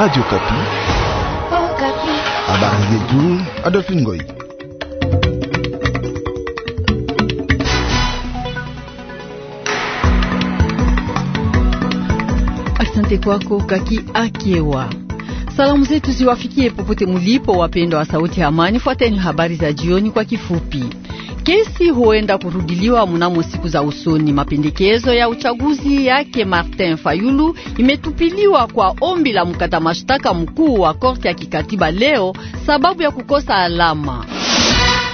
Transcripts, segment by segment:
Radio Kapi. Oh, Kapi. Habari zetu Adolphine Goy. Asante kwako Kaki Akewa. Salamu zetu ziwafikie popote mulipo, wapendwa wa Sauti ya Amani. Fuateni habari za jioni kwa kifupi. Kesi huenda kurudiliwa mnamo siku za usoni. Mapendekezo ya uchaguzi yake Martin Fayulu imetupiliwa kwa ombi la mkata mashtaka mkuu wa korti ya kikatiba leo sababu ya kukosa alama.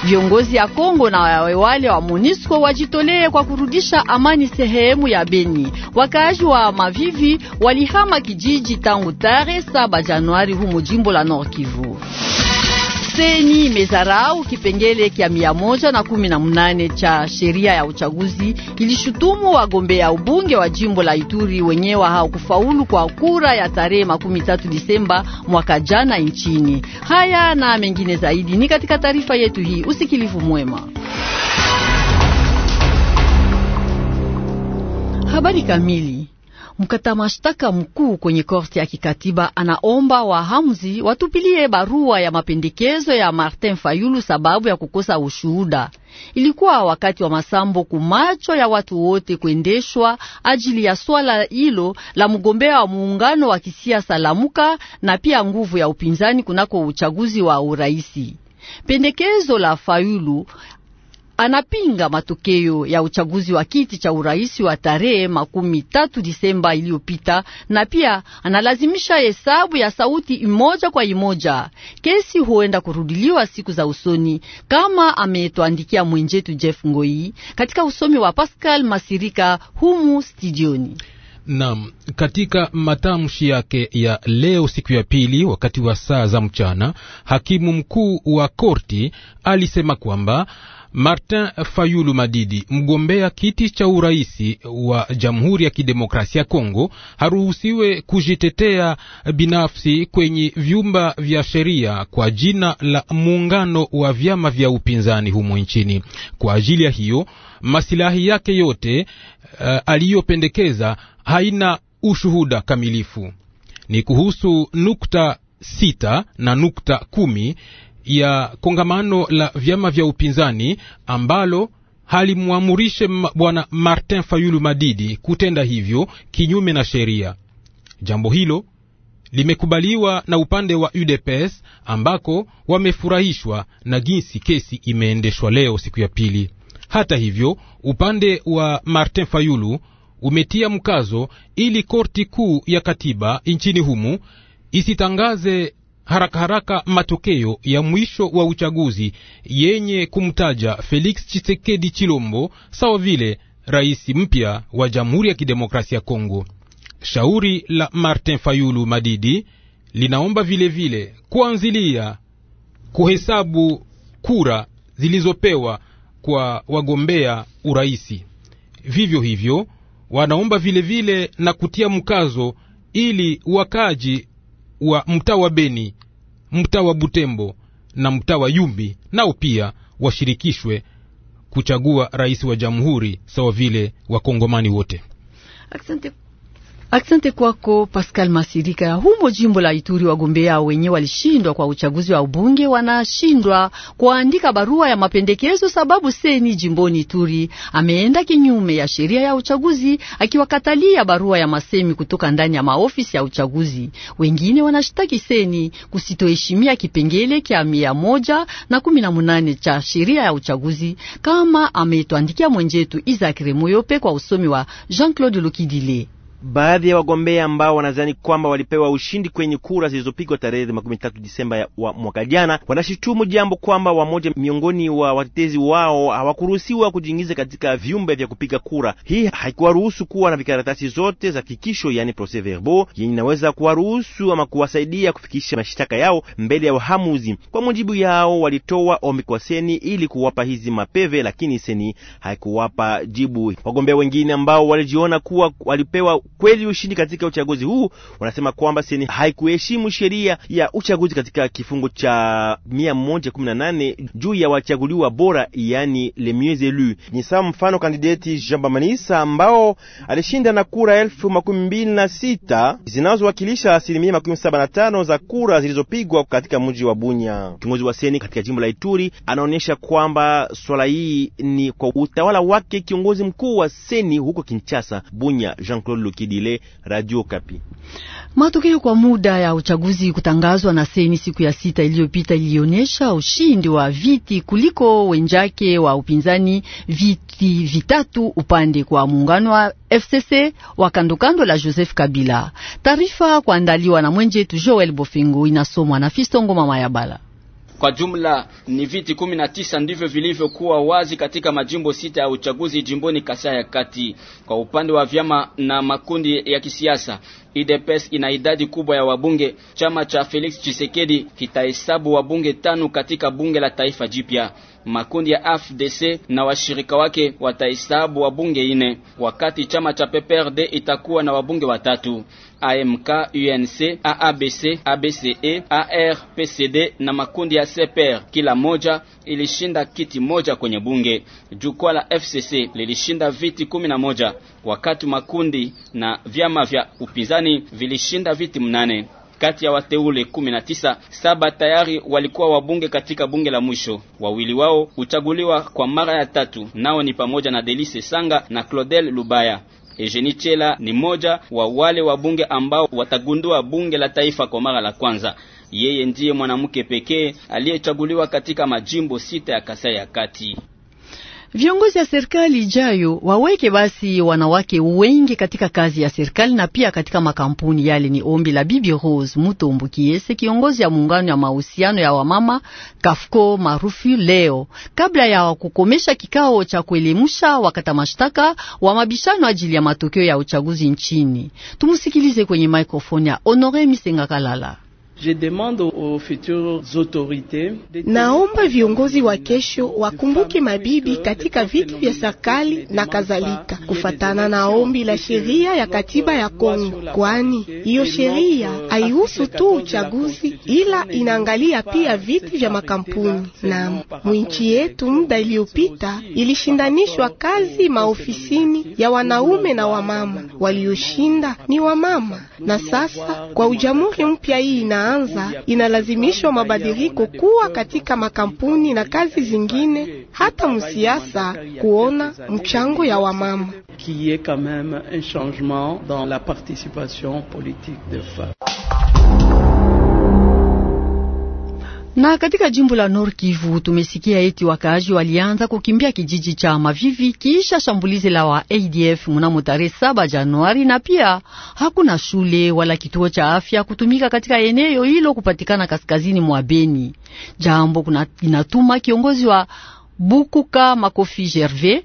Viongozi ya Kongo na wale wa MONUSCO wajitolee kwa kurudisha amani sehemu ya Beni. Wakaaji wa Mavivi walihama kijiji tangu tarehe 7 Januari humo jimbo la Nord Kivu. Seni imezarau kipengele kya mia moja na kumi na mnane cha sheria ya uchaguzi. kilishutumu wagombea ubunge wa jimbo la Ituri wenyewe hawakufaulu kwa kura ya tarehe makumi tatu Disemba mwaka jana nchini. Haya na mengine zaidi ni katika taarifa yetu hii. Usikilivu mwema. Habari kamili Mkata mashtaka mkuu kwenye korti ya kikatiba anaomba wahamzi watupilie barua ya mapendekezo ya Martin Fayulu sababu ya kukosa ushuhuda. Ilikuwa wakati wa masambo kumacho ya watu wote kuendeshwa ajili ya swala hilo la mgombea wa muungano wa kisiasa Lamuka na pia nguvu ya upinzani kunako uchaguzi wa uraisi. Pendekezo la Fayulu anapinga matokeo ya uchaguzi wa kiti cha urais wa tarehe makumi tatu Disemba iliyopita na pia analazimisha hesabu ya sauti imoja kwa imoja. Kesi huenda kurudiliwa siku za usoni, kama ametuandikia mwenjetu Jeff Ngoi katika usomi wa Pascal Masirika humu studioni. Nam, katika matamshi yake ya leo siku ya pili, wakati wa saa za mchana, hakimu mkuu wa korti alisema kwamba Martin Fayulu Madidi, mgombea kiti cha uraisi wa Jamhuri ya Kidemokrasia Kongo, haruhusiwe kujitetea binafsi kwenye vyumba vya sheria kwa jina la muungano wa vyama vya upinzani humo nchini. Kwa ajili ya hiyo, masilahi yake yote uh, aliyopendekeza haina ushuhuda kamilifu. Ni kuhusu nukta sita na nukta kumi ya kongamano la vyama vya upinzani ambalo halimwamurishe bwana Martin Fayulu Madidi kutenda hivyo kinyume na sheria. Jambo hilo limekubaliwa na upande wa UDPS ambako wamefurahishwa na jinsi kesi imeendeshwa leo siku ya pili. Hata hivyo, upande wa Martin Fayulu umetia mkazo ili korti kuu ya katiba nchini humu isitangaze haraka haraka matokeo ya mwisho wa uchaguzi yenye kumtaja Felix Tshisekedi Chilombo sawa vile rais mpya wa Jamhuri ya Kidemokrasia ya Kongo. Shauri la Martin Fayulu Madidi linaomba vilevile vile kuanzilia kuhesabu kura zilizopewa kwa wagombea uraisi. Vivyo hivyo wanaomba vilevile vile na kutia mkazo ili wakaji wa mtaa wa Beni, mtaa wa Butembo na mtaa wa Yumbi nao pia washirikishwe kuchagua rais wa jamhuri sawa vile wakongomani wote. Asante Aksente kwako Pascal Masirika. Humo jimbo la Ituri, wagombea wenye walishindwa kwa uchaguzi wa ubunge wanashindwa kuandika barua ya mapendekezo sababu seni jimboni Ituri ameenda kinyume ya sheria ya uchaguzi akiwakatalia barua ya masemi kutoka ndani ya maofisi ya uchaguzi. Wengine wanashitaki seni kusitoheshimia kipengele kya mia moja na kumi na munane cha sheria ya uchaguzi, kama ametuandikia mwenjetu Isaac Remoyope kwa usomi wa Jean-Claude lukidile baadhi ya wagombea ambao wanadhani kwamba walipewa ushindi kwenye kura zilizopigwa tarehe 13 Disemba ya wa mwaka jana wanashitumu jambo kwamba wamoja miongoni wa watetezi wao hawakuruhusiwa kujiingiza katika vyumba vya kupiga kura. Hii haikuwaruhusu kuwa na vikaratasi zote za kikisho, yani procès verbal, yenye inaweza kuwaruhusu ama kuwasaidia kufikisha mashtaka yao mbele ya wahamuzi. Kwa mujibu yao, walitoa ombi kwa seni ili kuwapa hizi mapeve, lakini seni haikuwapa jibu. Wagombea wengine ambao walijiona kuwa walipewa kweli ushindi katika uchaguzi huu. Wanasema kwamba seni haikuheshimu sheria ya uchaguzi katika kifungu cha 118 juu ya wachaguliwa bora, yani le mieux elu Ni sawa mfano kandideti Jean bamanisa ambao alishinda na kura elfu makumi mbili na sita zinazowakilisha asilimia makumi saba na tano za kura zilizopigwa katika mji wa Bunya. Kiongozi wa seni katika jimbo la Ituri anaonyesha kwamba swala hii ni kwa utawala wake kiongozi mkuu wa seni huko Kinshasa, Bunya Jean-Claude Luki Kidile, Radio Kapi. Matokeo kwa muda ya uchaguzi kutangazwa na seni siku ya sita iliyopita ilionyesha ushindi wa viti kuliko wenjake wa upinzani viti vitatu upande kwa muungano wa FCC wa kandokando la Joseph Kabila. Taarifa kuandaliwa na mwenjetu Joel Bofingo inasomwa na Fistongo Mama ya Bala. Kwa jumla ni viti kumi na tisa ndivyo vilivyokuwa wazi katika majimbo sita ya uchaguzi jimboni Kasai ya Kati. Kwa upande wa vyama na makundi ya kisiasa, IDPS ina idadi kubwa ya wabunge. Chama cha Felix Tshisekedi kitahesabu wabunge tano katika bunge la taifa jipya. Makundi ya AFDC na washirika wake watahesabu wabunge ine, wakati chama cha PPRD itakuwa na wabunge watatu. AMK, UNC, AABC, ABCE, PCD na makundi ya CPR kila moja ilishinda kiti moja kwenye bunge. Jukwaa la FCC lilishinda viti kumi na moja wakati makundi na vyama vya upinzani vilishinda viti mnane. Kati ya wateule 19 saba tayari walikuwa wabunge katika bunge la mwisho. Wawili wao huchaguliwa kwa mara ya tatu, nao ni pamoja na Delice Sanga na Claudel Lubaya. Eugenie Chela ni mmoja wa wale wabunge ambao watagundua bunge la taifa kwa mara la kwanza. Yeye ndiye mwanamke pekee aliyechaguliwa katika majimbo sita ya Kasai ya Kati. Viongozi ya serikali ijayo waweke basi wanawake wengi katika kazi ya serikali na pia katika makampuni yale. Ni ombi la Bibi Rose Mutombu Kiese, kiongozi ya muungano ya mahusiano ya wamama kafuko maarufu leo, kabla ya kukomesha kikao cha kuelimusha wakata mashtaka wa mabishano ajili ya matokeo ya uchaguzi nchini. Tumusikilize kwenye mikrofoni ya Honore Misenga Kalala. Naomba viongozi wa kesho wakumbuke mabibi katika viti vya serikali na kadhalika, kufatana na ombi la sheria ya katiba ya Kongo, kwani hiyo sheria haihusu tu uchaguzi, ila inaangalia pia viti vya makampuni. Na mwinchi yetu muda iliyopita ilishindanishwa kazi maofisini ya wanaume na wamama, walioshinda ni wamama, na sasa kwa ujamhuri mpya hii na inaanza inalazimishwa mabadiliko kuwa katika makampuni na kazi zingine, hata msiasa kuona mchango ya wamama. Na katika jimbo la Nord Kivu tumesikia eti wakaaji walianza kukimbia kijiji cha Mavivi kisha shambulizi la wa ADF mnamo tarehe saba Januari, na pia hakuna shule wala kituo cha afya kutumika katika eneo hilo kupatikana kaskazini mwa Beni, jambo inatuma kiongozi wa Bukuka Makofi Gervais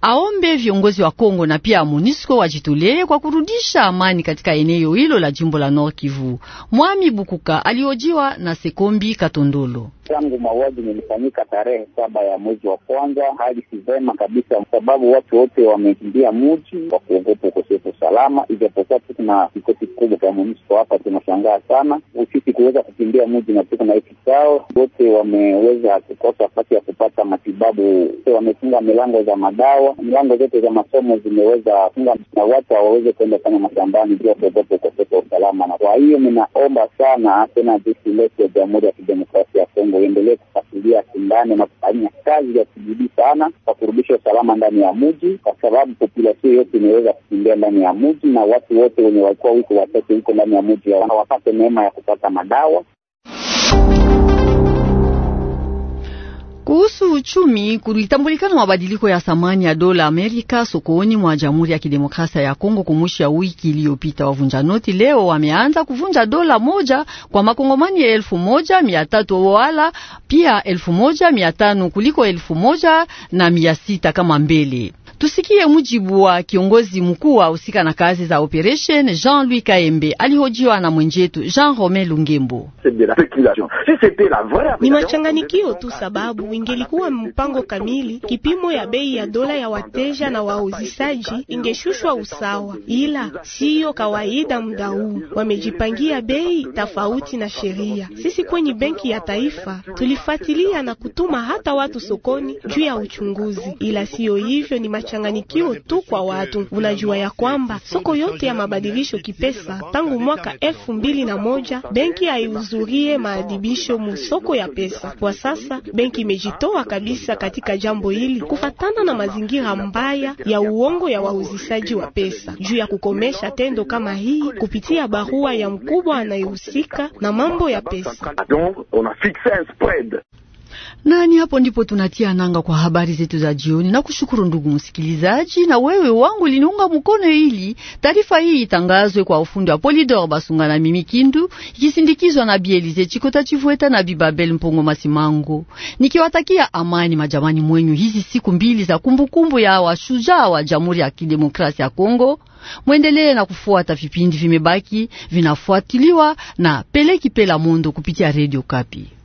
aombe viongozi wa Kongo na pia MONUSCO wajitolee kwa kurudisha amani katika eneo hilo la jimbo la Nord Kivu. Mwami Bukuka aliojiwa na Sekombi Katondolo tangu mauaji nilifanyika tarehe saba ya mwezi wa kwanza, hali si vema kabisa, kwa sababu watu wote wamekimbia muji kwa kuogopa ukosefu usalama. Ijapokuwa tu na kikosi kikubwa cha MONUSCO hapa, tunashangaa sana usisi kuweza kukimbia muji na tuko na hiki chao, wote wameweza kukosa nafasi ya kupata matibabu, wamefunga milango za madawa, milango zote za masomo zimeweza funga, na watu hawaweze kuenda kufanya mashambani bila kuogopa ukosefu wa usalama. Na kwa hiyo ninaomba sana tena jeshi letu ya Jamhuri ya Kidemokrasia ya Kongo Kongo iendelee kufuatilia sindano na kufanya kazi ya kijidi sana kwa kurudisha usalama ndani ya mji, kwa sababu populasio yote imeweza kukimbia ndani ya mji, na watu wote wenye walikuwa huko watoke huko ndani ya mji wapate neema ya kupata madawa. Kuhusu uchumi, kulitambulikana mabadiliko ya thamani ya dola Amerika sokoni mwa Jamhuri ya Kidemokrasia ya Kongo kumwisho ya wiki iliyopita. Wavunja noti leo wameanza kuvunja dola moja kwa makongomani elfu moja mia tatu wala pia elfu moja mia tano kuliko elfu moja na mia sita kama mbele. Tusikie mujibu wa kiongozi mkuu wa usika na kazi za operation Jean-Louis Kaembe alihojiwa na mwenjetu Jean Romain Lungembo. Ni machanganikio tu, sababu ingelikuwa mpango kamili, kipimo ya bei ya dola ya wateja na wauzisaji ingeshushwa usawa, ila siyo kawaida. Muda huu wamejipangia bei tofauti na sheria. Sisi kwenye benki ya taifa tulifuatilia na kutuma hata watu sokoni juu ya uchunguzi, ila siyo hivyo, ni mchanganyikio tu kwa watu. Unajua ya kwamba soko yote ya mabadilisho kipesa tangu mwaka elfu mbili na moja benki haihudhurie maadhibisho musoko ya pesa. Kwa sasa benki imejitoa kabisa katika jambo hili kufatana na mazingira mbaya ya uongo ya wahuzishaji wa pesa, juu ya kukomesha tendo kama hii kupitia barua ya mkubwa anayehusika na mambo ya pesa nani. Hapo ndipo tunatia nanga kwa habari zetu za jioni, na kushukuru ndugu msikilizaji, na wewe wangu liniunga mkono ili taarifa hii itangazwe kwa ufundi wa Polidor Basunga na mimi Kindu, ikisindikizwa na Bielize Chikota Chivueta na Bibabel Mpongo Masimango, nikiwatakia amani majamani mwenyu hizi siku mbili za kumbukumbu ya washujaa wa Jamhuri ya Kidemokrasia ya Kongo. Mwendelee na kufuata vipindi vimebaki, vinafuatiliwa na Peleki Pela Mondo kupitia Radio Kapi.